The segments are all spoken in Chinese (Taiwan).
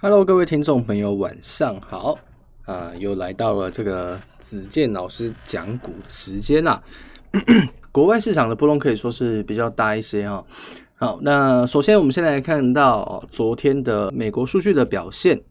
哈嘍，各位聽眾朋友，晚上好！啊、呃，又來到了這個子健老師講股時間啦、啊。 國外市場的波動可以說是比較大一些哈、哦。好，那首先我們先來看到昨天的美國數據的表現。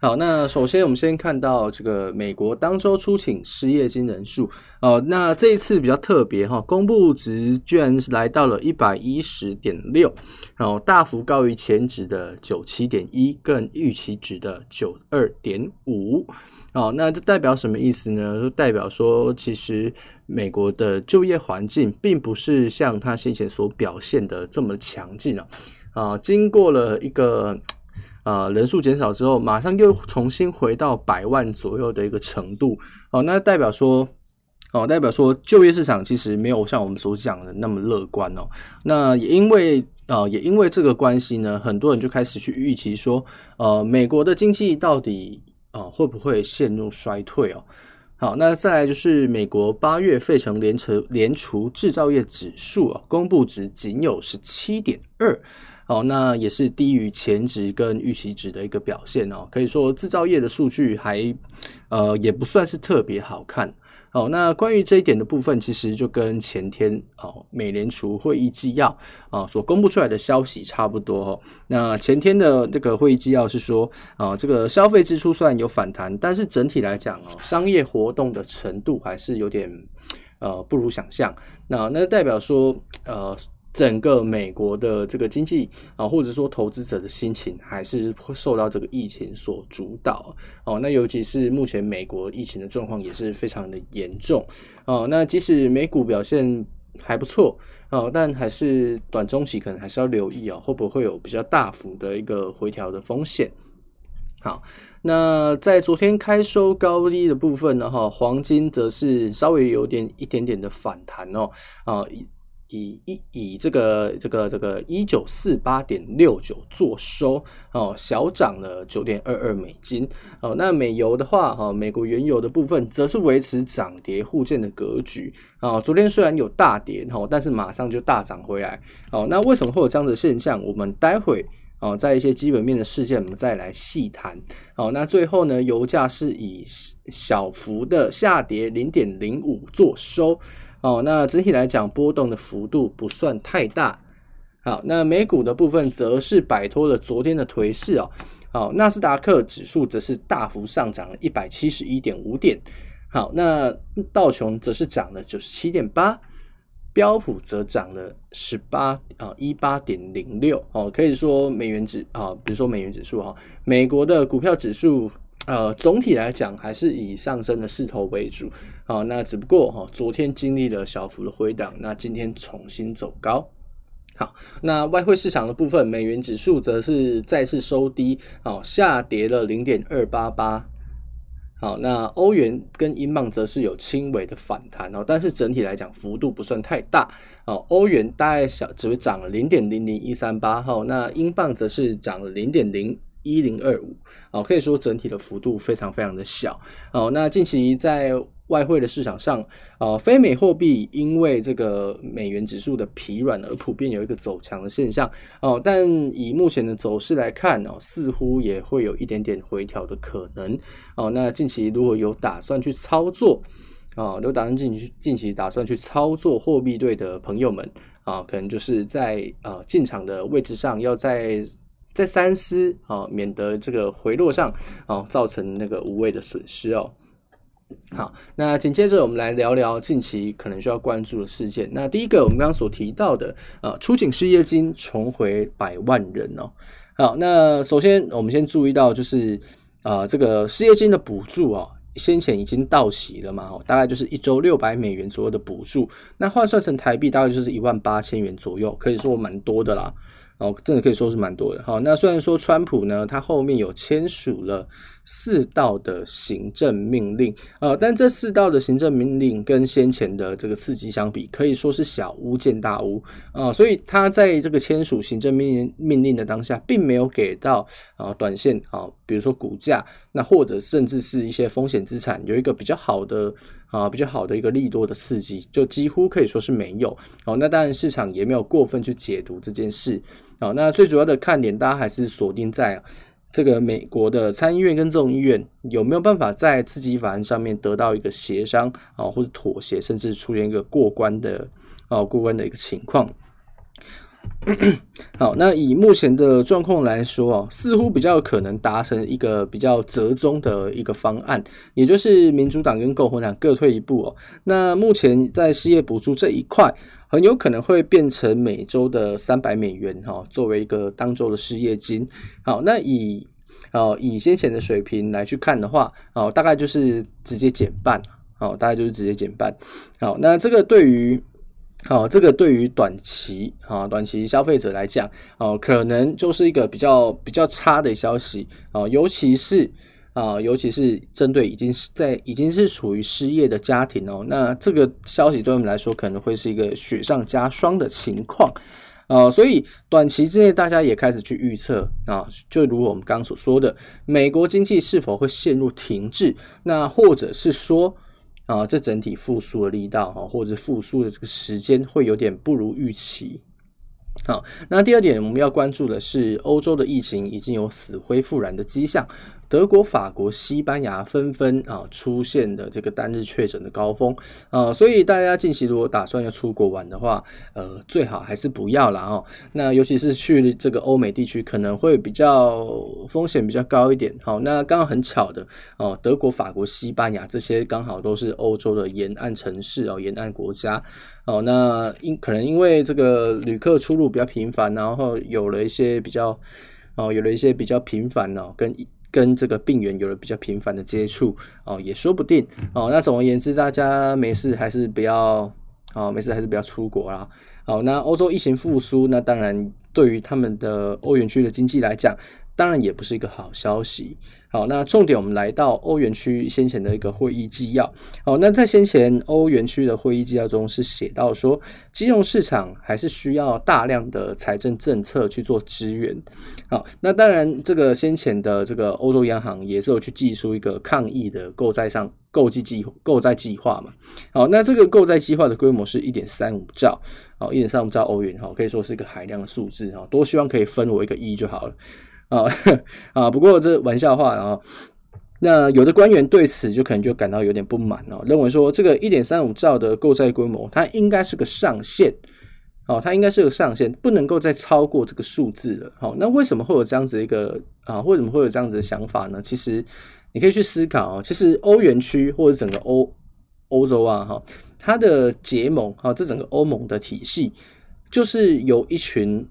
好，那首先我們先看到這個美國當周初請失業金人數，哦，那這一次比較特別哈，公布值居然是來到了一百一十點六，然後大幅高於前值的九七點一，更預期值的九二點五，哦，那這代表什麼意思呢？就代表說，其實美國的就業環境並不是像他先前所表現的這麼強勁了，啊、哦，經過了一個。呃，人數減少之後，馬上又重新回到百萬左右的一個程度。好、哦、那代表說，哦，代表說，就業市場其實沒有像我們所講的那麼樂觀哦。那也因為，呃，也因為這個關係呢，很多人就開始去預期說，呃，美國的經濟到底，呃，會不會陷入衰退哦？好，那再來就是美國八月費城聯儲聯儲製造業指數啊，公布值僅有十七點二。好、哦，那也是低於前值跟預期值的一個表現哦。可以說製造業的數據還呃也不算是特別好看。好、哦，那關於這一點的部分，其實就跟前天哦美聯儲會議紀要啊所公布出來的消息差不多、哦。那前天的那個會議紀要是說啊，這個消費支出雖然有反彈，但是整體來講哦，商業活動的程度還是有點呃不如想象。那那代表說呃。整個美國的這個經濟啊，或者說投資者的心情，還是會受到這個疫情所主導哦、啊。那尤其是目前美國疫情的狀況也是非常的嚴重哦、啊。那即使美股表現還不錯哦、啊，但還是短中期可能還是要留意哦、啊，會不會有比較大幅的一個回調的風險？好，那在昨天開收高低的部分呢，哈、啊，黃金則是稍微有點一點點的反彈哦，啊。以一以這個這個這個一九四八點六九做收哦，小漲了九點二二美金哦。那美油的話哈、哦，美國原油的部分則是維持漲跌互見的格局啊、哦。昨天雖然有大跌哈、哦，但是馬上就大漲回來哦。那為什麼會有這樣的現象？我們待會哦，在一些基本面的事件，我們再來細談哦。那最後呢，油價是以小幅的下跌零點零五做收。哦，那整體來講，波動的幅度不算太大。好，那美股的部分則是擺脫了昨天的頹勢哦。好，納斯達克指數則是大幅上漲了一百七十一點五點。好，那道瓊則是漲了九十七點八，標普則漲了十八啊一八點零六。.06, 哦，可以說美元指啊、哦，比如說美元指數哈、哦，美國的股票指數。呃，總體來講還是以上升的勢頭為主，好，那只不過哈、哦，昨天經歷了小幅的回檔，那今天重新走高，好，那外匯市場的部分，美元指數則是再次收低，哦、下跌了零點二八八，好，那歐元跟英鎊則是有輕微的反彈哦，但是整體來講幅度不算太大，哦，歐元大概小只會漲了零點零零一三八，那英鎊則是漲了零點零。一零二五，啊，可以說整體的幅度非常非常的小，哦，那近期在外匯的市場上，哦，非美貨幣因為這個美元指數的疲軟而普遍有一個走強的現象，哦，但以目前的走勢來看，哦，似乎也會有一點點回調的可能，哦，那近期如果有打算去操作，哦，有打算近期近期打算去操作貨幣對的朋友們，啊、哦，可能就是在啊、呃、進場的位置上要在。再三思哦，免得這個回落上哦，造成那個無謂的損失哦。好，那緊接着我們來聊聊近期可能需要關注的事件。那第一個，我們剛剛所提到的，呃，初請失業金重回百萬人哦。好，那首先我們先注意到，就是啊、呃，這個失業金的補助哦，先前已經到期了嘛、哦，大概就是一周六百美元左右的補助，那換算成台幣大概就是一萬八千元左右，可以說蠻多的啦。哦，真的可以說是蠻多的。好，那雖然說川普呢，他後面有簽署了。四道的行政命令，呃，但這四道的行政命令跟先前的這個刺激相比，可以說是小巫見大巫啊、呃。所以他在這個簽署行政命命令的當下，並沒有給到啊、呃、短線啊、呃，比如說股價，那或者甚至是一些風險資產有一個比較好的啊、呃、比較好的一個利多的刺激，就幾乎可以說是沒有。好、呃，那當然市場也沒有過分去解讀這件事。好、呃，那最主要的看點，大家還是鎖定在，這個美國的參議院跟眾議院有沒有辦法在刺激法案上面得到一個協商啊、哦，或者妥協，甚至出現一個過關的啊、哦、過關的一個情況？ 好，那以目前的狀況來說，似乎比較可能達成一個比較折中的一個方案，也就是民主黨跟共和黨各退一步哦。那目前在失業補助這一塊。很有可能會變成每周的三百美元哈，作為一個當周的失業金。好，那以哦以先前的水平來去看的話，哦大概就是直接減半，哦大概就是直接減半。好，那這個對於好這個對於短期啊短期消費者來講，哦可能就是一個比較比較差的消息啊，尤其是。啊，尤其是針對已經在已經是處於失業的家庭哦，那這個消息對我們來說可能會是一個雪上加霜的情況，啊、哦，所以短期之內大家也開始去預測啊，就如我們剛所說的，美國經濟是否會陷入停滯，那或者是說啊，這整體復甦的力道或者復甦的這個時間會有點不如預期。好，那第二點我們要關注的是，歐洲的疫情已經有死灰復燃的跡象。德國、法國、西班牙紛紛啊、哦、出現的這個單日確診的高峰啊、哦，所以大家近期如果打算要出國玩的話，呃，最好還是不要啦。哦、那尤其是去這個歐美地區，可能會比較風險比較高一點。好、哦，那剛好很巧的哦，德國、法國、西班牙這些剛好都是歐洲的沿岸城市、哦、沿岸國家哦。那因可能因為這個旅客出入比較頻繁，然後有了一些比較哦，有了一些比較頻繁哦，跟。跟這個病源，有了比較頻繁的接觸哦，也說不定哦。那總而言之，大家沒事還是不要哦，沒事還是不要出國啦。哦。那歐洲疫情復甦，那當然對於他們的歐元區的經濟來講。當然也不是一個好消息。好，那重點我們來到歐元區先前的一個會議紀要。好，那在先前歐元區的會議紀要中是寫到說，金融市場還是需要大量的財政政策去做支援。好，那當然這個先前的這個歐洲央行也是有去祭出一個抗疫的購債上購計，計購債計劃嘛。好，那這個購債計劃的規模是一點三五兆，好，一點三五兆歐元哈，可以說是一個海量的數字哈。多希望可以分我一個億就好了。啊 啊！不過這玩笑話啊、哦，那有的官員對此就可能就感到有點不滿哦，認為說這個一點三五兆的購債規模，它應該是個上限，好、哦，它應該是個上限，不能夠再超過這個數字了。好、哦，那為什麼會有這樣子一個啊？為什麼會有這樣子的想法呢？其實你可以去思考哦。其實歐元區或者整個歐歐洲啊，哈，它的結盟啊、哦，這整個歐盟的體系，就是有一群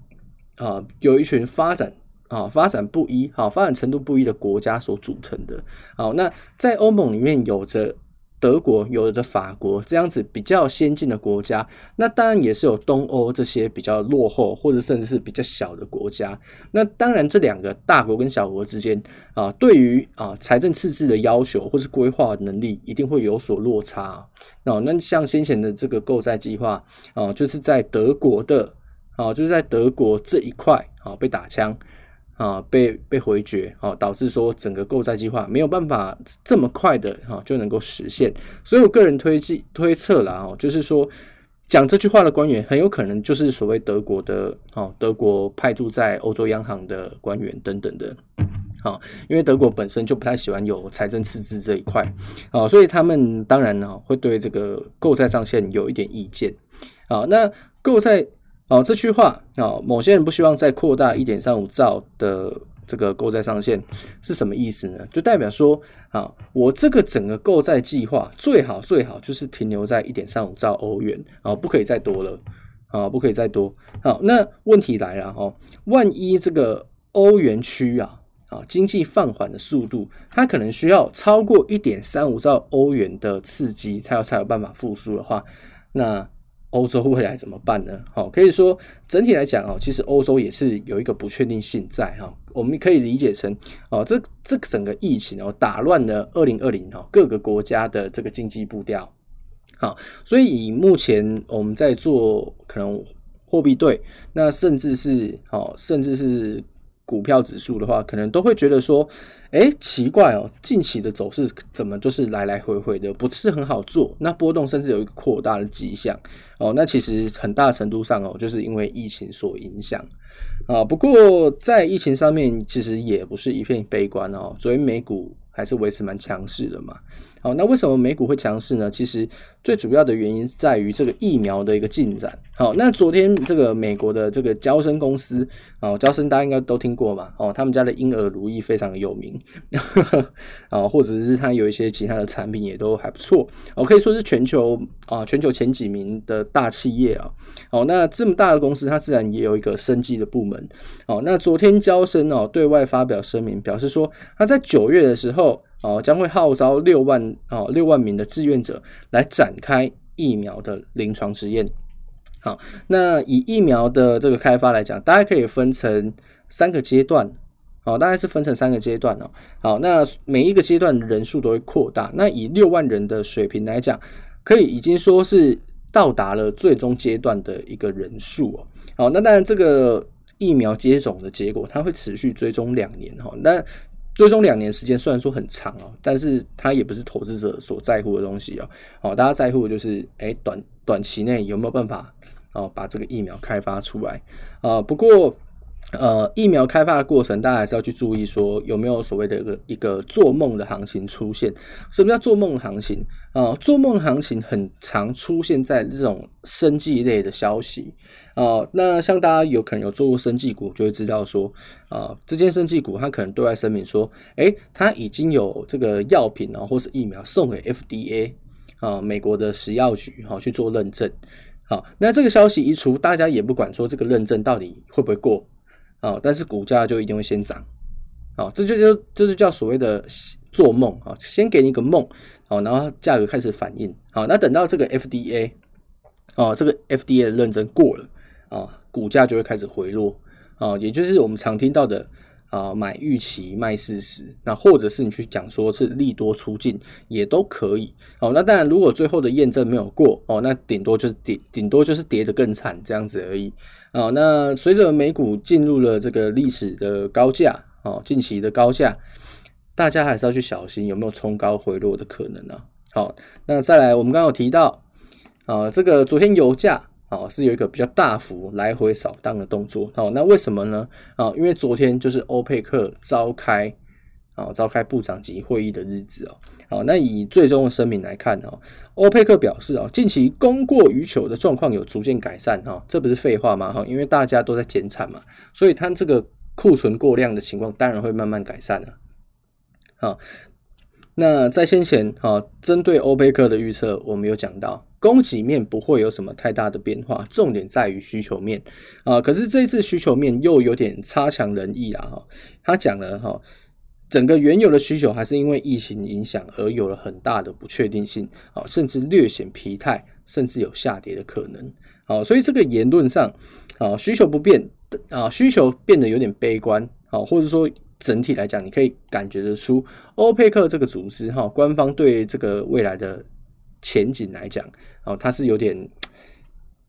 啊，有一群發展。啊，發展不一，好發展程度不一的國家所組成的。好，那在歐盟裡面，有着德國，有着法國這樣子比較先進的國家，那當然也是有東歐這些比較落後或者甚至是比較小的國家。那當然，這兩個大國跟小國之間啊，對於啊財政赤字的要求或是規劃的能力，一定會有所落差。那那像先前的這個購債計劃啊，就是在德國的啊，就是在德國這一塊啊被打槍。啊，被被回絕，哦、啊，導致說整個購債計劃沒有辦法這麼快的哈、啊、就能夠實現，所以我個人推計推測啦，哦、啊，就是說講這句話的官員很有可能就是所謂德國的哦、啊，德國派駐在歐洲央行的官員等等的，好、啊，因為德國本身就不太喜歡有財政赤字這一塊，哦、啊，所以他們當然呢、啊、會對這個購債上限有一點意見，啊，那購債。好、哦、這句話啊、哦，某些人不希望再擴大一點三五兆的這個購債上限是什麼意思呢？就代表說啊、哦，我這個整個購債計劃最好最好就是停留在一點三五兆歐元啊、哦，不可以再多了啊、哦，不可以再多。好、哦，那問題來了哈、哦，萬一這個歐元區啊啊、哦、經濟放緩的速度，它可能需要超過一點三五兆歐元的刺激，它要才有辦法復甦的話，那。歐洲未來怎麼辦呢？好，可以說整體來講哦，其實歐洲也是有一個不確定性在哈。我們可以理解成哦，這這整個疫情哦，打亂了二零二零哈，各個國家的這個經濟步調。好，所以以目前我們在做可能貨幣對，那甚至是哦，甚至是。股票指數的話，可能都會覺得說，誒，奇怪哦，近期的走勢怎麼就是來來回回的，不是很好做，那波動甚至有一個擴大的跡象哦。那其實很大程度上哦，就是因為疫情所影響。啊，不過在疫情上面其實也不是一片悲觀哦，所以美股還是維持蠻強勢的嘛。好、啊，那為什麼美股會強勢呢？其實最主要的原因在於這個疫苗的一個進展。好、啊，那昨天這個美國的這個嬌生公司，哦、啊，嬌生大家應該都聽過嘛，哦、啊，他們家的嬰兒乳液非常的有名， 啊，或者是他有一些其他的產品也都還不錯，哦、啊，可以說是全球啊全球前幾名的大企業啊。好、啊，那這麼大的公司，它自然也有一個生機的。部門哦，那昨天嬌生哦、喔、對外發表聲明，表示說，他在九月的時候哦，將、喔、會號召六萬哦六、喔、萬名的志願者來展開疫苗的臨床試驗。好，那以疫苗的這個開發來講，大家可以分成三個階段哦、喔，大概是分成三個階段哦、喔。好，那每一個階段人數都會擴大。那以六萬人的水平來講，可以已經說是到達了最終階段的一個人數哦、喔。好，那當然這個。疫苗接種的結果，它會持續追蹤兩年哈。那追蹤兩年的時間雖然說很長哦，但是它也不是投資者所在乎的東西哦。好，大家在乎的就是，哎、欸，短短期內有沒有辦法哦把這個疫苗開發出來啊？不過。呃，疫苗開發的過程，大家還是要去注意說有沒有所謂的一個一個做夢的行情出現。什麼叫做夢行情啊、呃？做夢行情很常出現在這種生技類的消息啊、呃，那像大家有可能有做過生技股，就會知道說，啊、呃，這間生技股它可能對外聲明說，哎、欸，它已經有這個藥品啊、喔，或是疫苗送給 FDA 啊、呃，美國的食藥局哈、喔、去做認證。好、呃，那這個消息一出，大家也不管說這個認證到底會不會過。哦，但是股價就一定會先漲，哦，這就叫這就叫所謂的做夢啊、哦，先給你一個夢，哦，然後價格開始反應，好、哦，那等到這個 FDA，哦，這個 FDA 的認證過了，啊、哦，股價就會開始回落，啊、哦，也就是我們常聽到的。啊，買預期賣事實，那或者是你去講說是利多出盡也都可以。好、哦，那當然如果最後的驗證沒有過，哦，那頂多、就是、多就是跌，頂多就是跌得更慘這樣子而已。哦，那隨着美股進入了這個歷史的高價、哦，近期的高價，大家還是要去小心有沒有衝高回落的可能好，啊哦，那再來，我們剛剛有提到，啊、哦，這個昨天油價。是有一個比較大幅來回掃蕩的動作、哦。那為什麼呢？啊、哦，因為昨天就是歐佩克召開，啊、哦，召開部長級會議的日子哦。好，那以最終的聲明來看，哈、哦，歐佩克表示，啊、哦，近期供過於求的狀況有逐漸改善。哈、哦，這不是廢話嗎？哈、哦，因為大家都在減產嘛，所以它這個庫存過量的情況當然會慢慢改善了、啊。哦那在先前哈、哦、針對歐佩克的預測，我們有講到供給面不會有什麼太大的變化，重點在於需求面啊、哦。可是這一次需求面又有點差強人意啦哈、哦。他講了哈、哦，整個原油的需求還是因為疫情影響而有了很大的不確定性啊、哦，甚至略顯疲態，甚至有下跌的可能啊、哦。所以這個言論上啊、哦，需求不變啊、哦，需求變得有點悲觀啊、哦，或者說。整體來講，你可以感覺得出，歐佩克這個組織哈、哦，官方對這個未來的前景來講，哦，他是有點，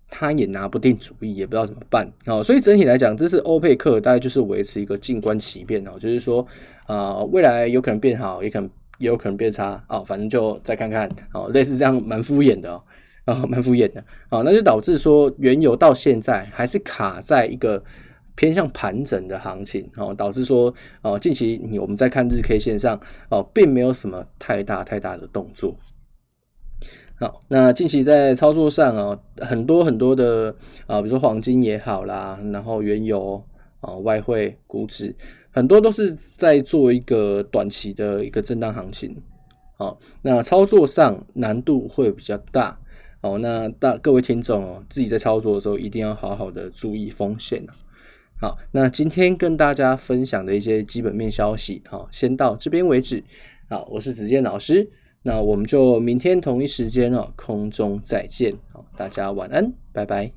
他也拿不定主意，也不知道怎麼辦哦。所以整體來講，這次歐佩克大概就是維持一個靜觀其變哦，就是說啊、呃，未來有可能變好，也可能也有可能變差啊、哦，反正就再看看哦，類似這樣蠻敷衍的哦，啊，蠻敷衍的哦，那就導致說原油到現在還是卡在一個。偏向盤整的行情哦，導致說近期我們在看日 K 線上哦，並沒有什麼太大太大的動作。好，那近期在操作上很多很多的啊，比如說黃金也好啦，然後原油啊、外匯、股指，很多都是在做一個短期的一個震盪行情。好，那操作上難度會比較大。好，那大各位聽眾哦，自己在操作的時候一定要好好的注意風險。好，那今天跟大家分享的一些基本面消息，好，先到這邊為止。好，我是子健老師，那我們就明天同一時間哦，空中再見。好，大家晚安，拜拜。